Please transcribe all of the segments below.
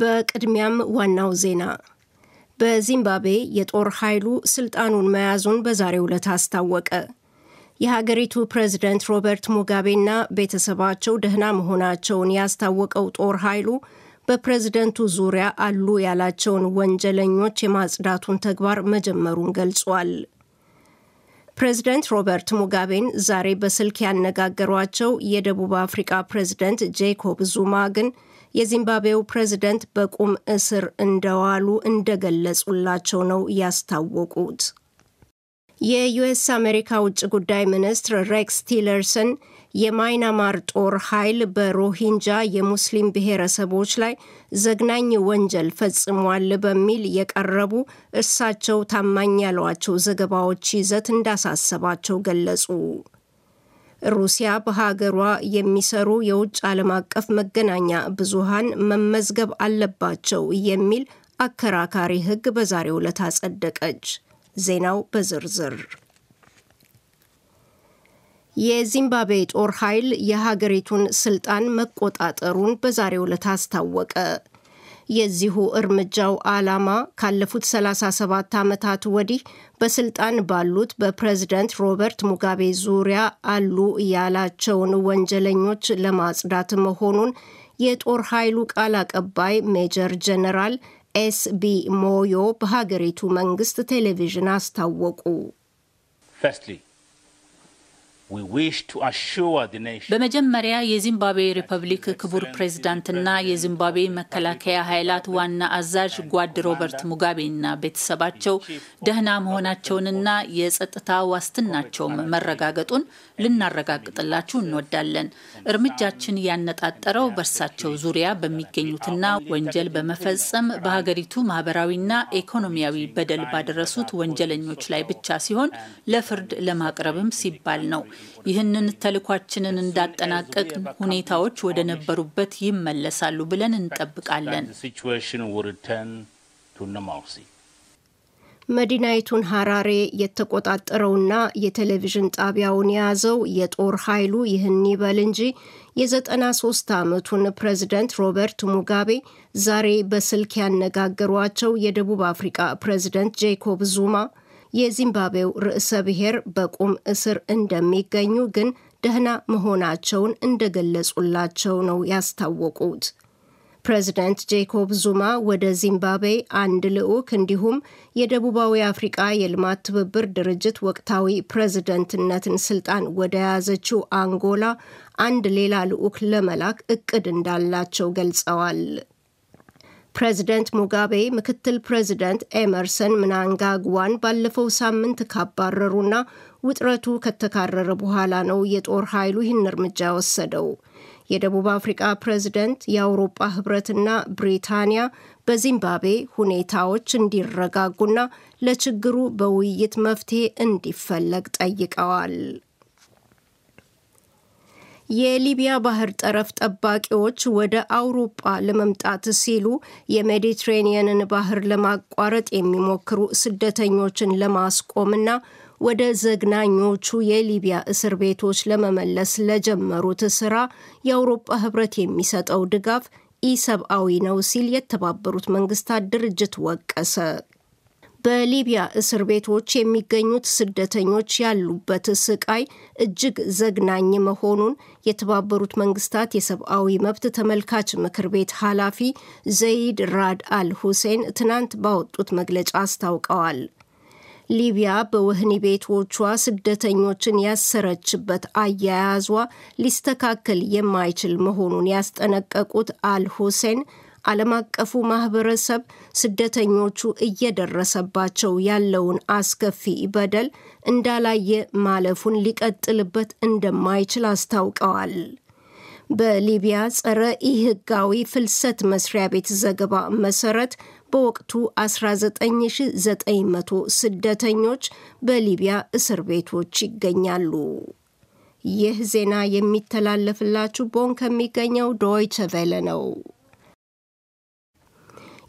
በቅድሚያም ዋናው ዜና በዚምባብዌ የጦር ኃይሉ ስልጣኑን መያዙን በዛሬው ዕለት አስታወቀ። የሀገሪቱ ፕሬዝደንት ሮበርት ሙጋቤና ቤተሰባቸው ደህና መሆናቸውን ያስታወቀው ጦር ኃይሉ በፕሬዝደንቱ ዙሪያ አሉ ያላቸውን ወንጀለኞች የማጽዳቱን ተግባር መጀመሩን ገልጿል። ፕሬዝደንት ሮበርት ሙጋቤን ዛሬ በስልክ ያነጋገሯቸው የደቡብ አፍሪቃ ፕሬዝደንት ጄኮብ ዙማ ግን የዚምባብዌው ፕሬዝደንት በቁም እስር እንደዋሉ እንደገለጹላቸው ነው ያስታወቁት። የዩኤስ አሜሪካ ውጭ ጉዳይ ሚኒስትር ሬክስ ቲለርሰን የማይናማር ጦር ኃይል በሮሂንጃ የሙስሊም ብሔረሰቦች ላይ ዘግናኝ ወንጀል ፈጽሟል በሚል የቀረቡ እሳቸው ታማኝ ያሏቸው ዘገባዎች ይዘት እንዳሳሰባቸው ገለጹ። ሩሲያ በሀገሯ የሚሰሩ የውጭ ዓለም አቀፍ መገናኛ ብዙሃን መመዝገብ አለባቸው የሚል አከራካሪ ሕግ በዛሬው ዕለት አጸደቀች። ዜናው በዝርዝር የዚምባብዌ ጦር ኃይል የሀገሪቱን ስልጣን መቆጣጠሩን በዛሬው ዕለት አስታወቀ። የዚሁ እርምጃው ዓላማ ካለፉት 37 ዓመታት ወዲህ በስልጣን ባሉት በፕሬዝደንት ሮበርት ሙጋቤ ዙሪያ አሉ ያላቸውን ወንጀለኞች ለማጽዳት መሆኑን የጦር ኃይሉ ቃል አቀባይ ሜጀር ጀነራል ኤስቢ ሞዮ በሀገሪቱ መንግስት ቴሌቪዥን አስታወቁ። በመጀመሪያ የዚምባብዌ ሪፐብሊክ ክቡር ፕሬዝዳንትና የዚምባብዌ መከላከያ ኃይላት ዋና አዛዥ ጓድ ሮበርት ሙጋቤና ቤተሰባቸው ደህና መሆናቸውንና የጸጥታ ዋስትናቸውም መረጋገጡን ልናረጋግጥላችሁ እንወዳለን። እርምጃችን ያነጣጠረው በእርሳቸው ዙሪያ በሚገኙትና ወንጀል በመፈጸም በሀገሪቱ ማህበራዊና ኢኮኖሚያዊ በደል ባደረሱት ወንጀለኞች ላይ ብቻ ሲሆን ለፍርድ ለማቅረብም ሲባል ነው። ይህንን ተልኳችንን እንዳጠናቀቅ ሁኔታዎች ወደ ነበሩበት ይመለሳሉ ብለን እንጠብቃለን። መዲናይቱን ሀራሬ የተቆጣጠረውና የቴሌቪዥን ጣቢያውን የያዘው የጦር ኃይሉ ይህን ይበል እንጂ የ93 ዓመቱን ፕሬዝደንት ሮበርት ሙጋቤ ዛሬ በስልክ ያነጋገሯቸው የደቡብ አፍሪቃ ፕሬዝደንት ጄኮብ ዙማ የዚምባብዌው ርዕሰ ብሔር በቁም እስር እንደሚገኙ ግን ደህና መሆናቸውን እንደገለጹላቸው ነው ያስታወቁት። ፕሬዚደንት ጄኮብ ዙማ ወደ ዚምባብዌ አንድ ልዑክ እንዲሁም የደቡባዊ አፍሪቃ የልማት ትብብር ድርጅት ወቅታዊ ፕሬዝደንትነትን ስልጣን ወደ ያዘችው አንጎላ አንድ ሌላ ልዑክ ለመላክ እቅድ እንዳላቸው ገልጸዋል። ፕሬዚደንት ሙጋቤ ምክትል ፕሬዚደንት ኤመርሰን ምናንጋግዋን ባለፈው ሳምንት ካባረሩና ውጥረቱ ከተካረረ በኋላ ነው የጦር ኃይሉ ይህን እርምጃ ወሰደው። የደቡብ አፍሪቃ ፕሬዚደንት፣ የአውሮጳ ህብረትና ብሪታንያ በዚምባብዌ ሁኔታዎች እንዲረጋጉና ለችግሩ በውይይት መፍትሄ እንዲፈለግ ጠይቀዋል። የሊቢያ ባህር ጠረፍ ጠባቂዎች ወደ አውሮጳ ለመምጣት ሲሉ የሜዲትሬኒየንን ባህር ለማቋረጥ የሚሞክሩ ስደተኞችን ለማስቆምና ወደ ዘግናኞቹ የሊቢያ እስር ቤቶች ለመመለስ ለጀመሩት ስራ የአውሮጳ ህብረት የሚሰጠው ድጋፍ ኢሰብአዊ ነው ሲል የተባበሩት መንግስታት ድርጅት ወቀሰ። በሊቢያ እስር ቤቶች የሚገኙት ስደተኞች ያሉበት ስቃይ እጅግ ዘግናኝ መሆኑን የተባበሩት መንግስታት የሰብአዊ መብት ተመልካች ምክር ቤት ኃላፊ ዘይድ ራድ አል ሁሴን ትናንት ባወጡት መግለጫ አስታውቀዋል። ሊቢያ በወህኒ ቤቶቿ ስደተኞችን ያሰረችበት አያያዟ ሊስተካከል የማይችል መሆኑን ያስጠነቀቁት አል ሁሴን ዓለም አቀፉ ማህበረሰብ ስደተኞቹ እየደረሰባቸው ያለውን አስከፊ በደል እንዳላየ ማለፉን ሊቀጥልበት እንደማይችል አስታውቀዋል። በሊቢያ ጸረ ኢህጋዊ ፍልሰት መስሪያ ቤት ዘገባ መሰረት በወቅቱ 19900 ስደተኞች በሊቢያ እስር ቤቶች ይገኛሉ። ይህ ዜና የሚተላለፍላችሁ ቦን ከሚገኘው ዶይቸ ቬለ ነው።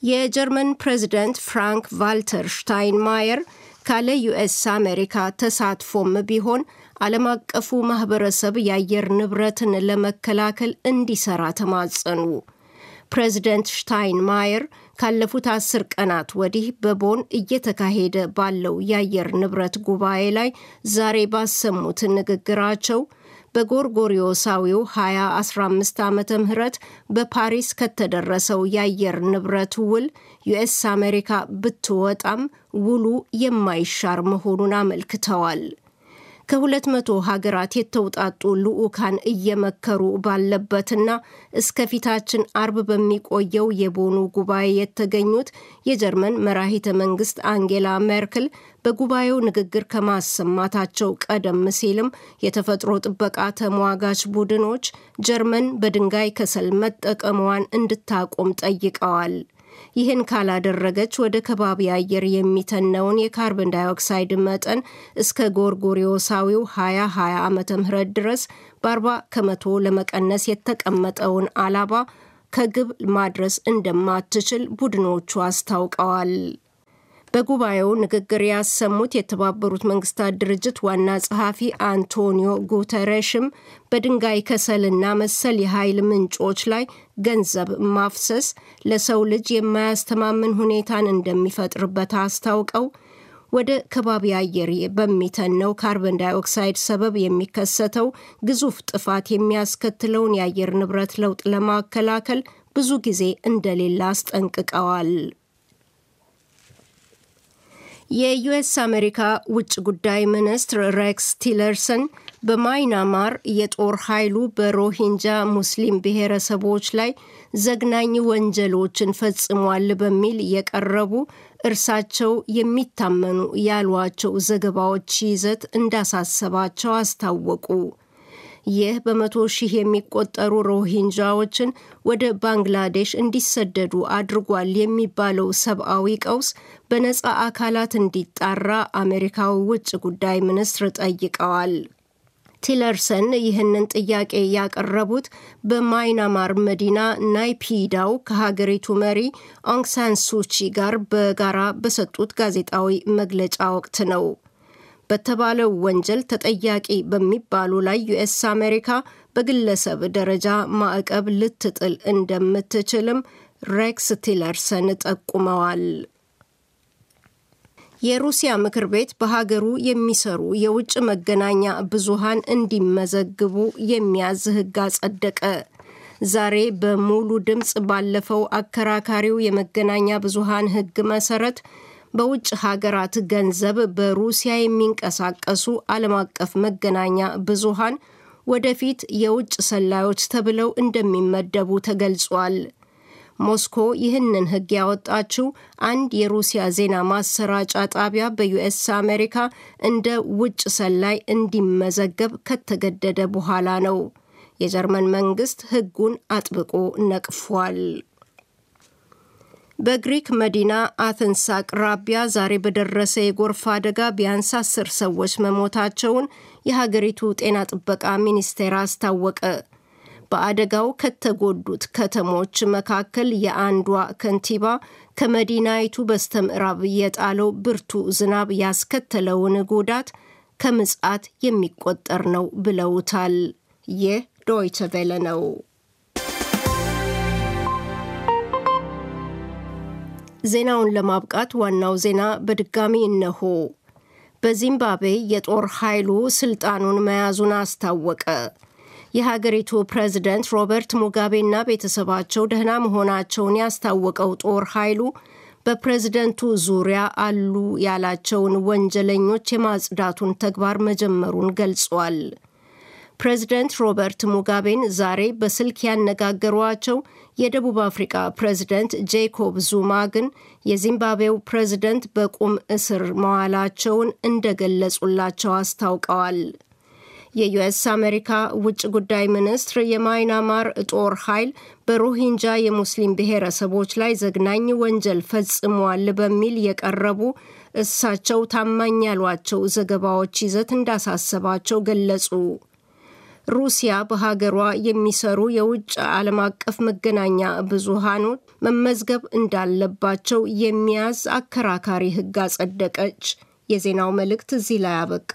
የጀርመን ፕሬዚደንት ፍራንክ ቫልተር ሽታይንማየር ካለ ዩኤስ አሜሪካ ተሳትፎም ቢሆን ዓለም አቀፉ ማኅበረሰብ የአየር ንብረትን ለመከላከል እንዲሠራ ተማጸኑ። ፕሬዚደንት ሽታይንማየር ካለፉት አስር ቀናት ወዲህ በቦን እየተካሄደ ባለው የአየር ንብረት ጉባኤ ላይ ዛሬ ባሰሙት ንግግራቸው በጎርጎሪዮሳዊው 2015 ዓመተ ምህረት በፓሪስ ከተደረሰው የአየር ንብረት ውል ዩኤስ አሜሪካ ብትወጣም ውሉ የማይሻር መሆኑን አመልክተዋል። ከሁለት መቶ ሀገራት የተውጣጡ ልዑካን እየመከሩ ባለበትና እስከፊታችን አርብ በሚቆየው የቦኑ ጉባኤ የተገኙት የጀርመን መራሂተ መንግስት አንጌላ ሜርክል በጉባኤው ንግግር ከማሰማታቸው ቀደም ሲልም የተፈጥሮ ጥበቃ ተሟጋች ቡድኖች ጀርመን በድንጋይ ከሰል መጠቀሟን እንድታቆም ጠይቀዋል። ይህን ካላደረገች ወደ ከባቢ አየር የሚተነውን የካርቦን ዳይኦክሳይድ መጠን እስከ ጎርጎሪዮሳዊው 2020 ዓመተ ምህረት ድረስ በ40 ከመቶ ለመቀነስ የተቀመጠውን አላባ ከግብ ማድረስ እንደማትችል ቡድኖቹ አስታውቀዋል። በጉባኤው ንግግር ያሰሙት የተባበሩት መንግስታት ድርጅት ዋና ጸሐፊ አንቶኒዮ ጉተረሽም በድንጋይ ከሰልና መሰል የኃይል ምንጮች ላይ ገንዘብ ማፍሰስ ለሰው ልጅ የማያስተማምን ሁኔታን እንደሚፈጥርበት አስታውቀው ወደ ከባቢ አየር በሚተነው ካርበን ዳይኦክሳይድ ሰበብ የሚከሰተው ግዙፍ ጥፋት የሚያስከትለውን የአየር ንብረት ለውጥ ለማከላከል ብዙ ጊዜ እንደሌለ አስጠንቅቀዋል። የዩኤስ አሜሪካ ውጭ ጉዳይ ሚኒስትር ሬክስ ቲለርሰን በማይናማር የጦር ኃይሉ በሮሂንጃ ሙስሊም ብሔረሰቦች ላይ ዘግናኝ ወንጀሎችን ፈጽሟል በሚል የቀረቡ እርሳቸው የሚታመኑ ያሏቸው ዘገባዎች ይዘት እንዳሳሰባቸው አስታወቁ። ይህ በመቶ ሺህ የሚቆጠሩ ሮሂንጃዎችን ወደ ባንግላዴሽ እንዲሰደዱ አድርጓል የሚባለው ሰብአዊ ቀውስ በነፃ አካላት እንዲጣራ አሜሪካዊ ውጭ ጉዳይ ሚኒስትር ጠይቀዋል። ቲለርሰን ይህንን ጥያቄ ያቀረቡት በማይናማር መዲና ናይፒዳው ከሀገሪቱ መሪ አንግሳን ሱቺ ጋር በጋራ በሰጡት ጋዜጣዊ መግለጫ ወቅት ነው። በተባለው ወንጀል ተጠያቂ በሚባሉ ላይ ዩኤስ አሜሪካ በግለሰብ ደረጃ ማዕቀብ ልትጥል እንደምትችልም ሬክስ ቲለርሰን ጠቁመዋል። የሩሲያ ምክር ቤት በሀገሩ የሚሰሩ የውጭ መገናኛ ብዙሃን እንዲመዘግቡ የሚያዝ ሕግ አጸደቀ። ዛሬ በሙሉ ድምፅ ባለፈው አከራካሪው የመገናኛ ብዙሃን ሕግ መሰረት በውጭ ሀገራት ገንዘብ በሩሲያ የሚንቀሳቀሱ ዓለም አቀፍ መገናኛ ብዙሃን ወደፊት የውጭ ሰላዮች ተብለው እንደሚመደቡ ተገልጿል። ሞስኮ ይህንን ሕግ ያወጣችው አንድ የሩሲያ ዜና ማሰራጫ ጣቢያ በዩኤስ አሜሪካ እንደ ውጭ ሰላይ እንዲመዘገብ ከተገደደ በኋላ ነው። የጀርመን መንግስት ሕጉን አጥብቆ ነቅፏል። በግሪክ መዲና አትንስ አቅራቢያ ዛሬ በደረሰ የጎርፍ አደጋ ቢያንስ አስር ሰዎች መሞታቸውን የሀገሪቱ ጤና ጥበቃ ሚኒስቴር አስታወቀ። በአደጋው ከተጎዱት ከተሞች መካከል የአንዷ ከንቲባ ከመዲናይቱ በስተምዕራብ የጣለው ብርቱ ዝናብ ያስከተለውን ጉዳት ከምጽአት የሚቆጠር ነው ብለውታል። ይህ ዶይቸ ቬለ ነው። ዜናውን ለማብቃት ዋናው ዜና በድጋሚ እነሆ። በዚምባብዌ የጦር ኃይሉ ስልጣኑን መያዙን አስታወቀ። የሀገሪቱ ፕሬዝደንት ሮበርት ሙጋቤና ቤተሰባቸው ደህና መሆናቸውን ያስታወቀው ጦር ኃይሉ በፕሬዝደንቱ ዙሪያ አሉ ያላቸውን ወንጀለኞች የማጽዳቱን ተግባር መጀመሩን ገልጿል። ፕሬዝደንት ሮበርት ሙጋቤን ዛሬ በስልክ ያነጋገሯቸው የደቡብ አፍሪቃ ፕሬዝደንት ጄኮብ ዙማ ግን የዚምባብዌው ፕሬዝደንት በቁም እስር መዋላቸውን እንደገለጹላቸው አስታውቀዋል። የዩኤስ አሜሪካ ውጭ ጉዳይ ሚኒስትር የማይናማር ጦር ኃይል በሮሂንጃ የሙስሊም ብሔረሰቦች ላይ ዘግናኝ ወንጀል ፈጽሟል በሚል የቀረቡ እሳቸው ታማኝ ያሏቸው ዘገባዎች ይዘት እንዳሳሰባቸው ገለጹ። ሩሲያ በሀገሯ የሚሰሩ የውጭ ዓለም አቀፍ መገናኛ ብዙሃኖች መመዝገብ እንዳለባቸው የሚያዝ አከራካሪ ሕግ አጸደቀች። የዜናው መልእክት እዚህ ላይ አበቃ።